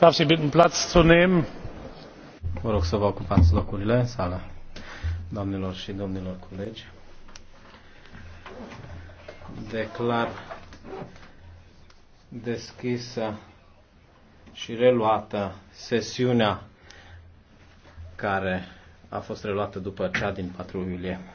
darf sie bitten platz zu nehmen. vă rog să vă ocupați locurile în sală doamnelor și domnilor colegi. Declar deschisă și reluată sesiunea care a fost reluată după cea din 4 iulie.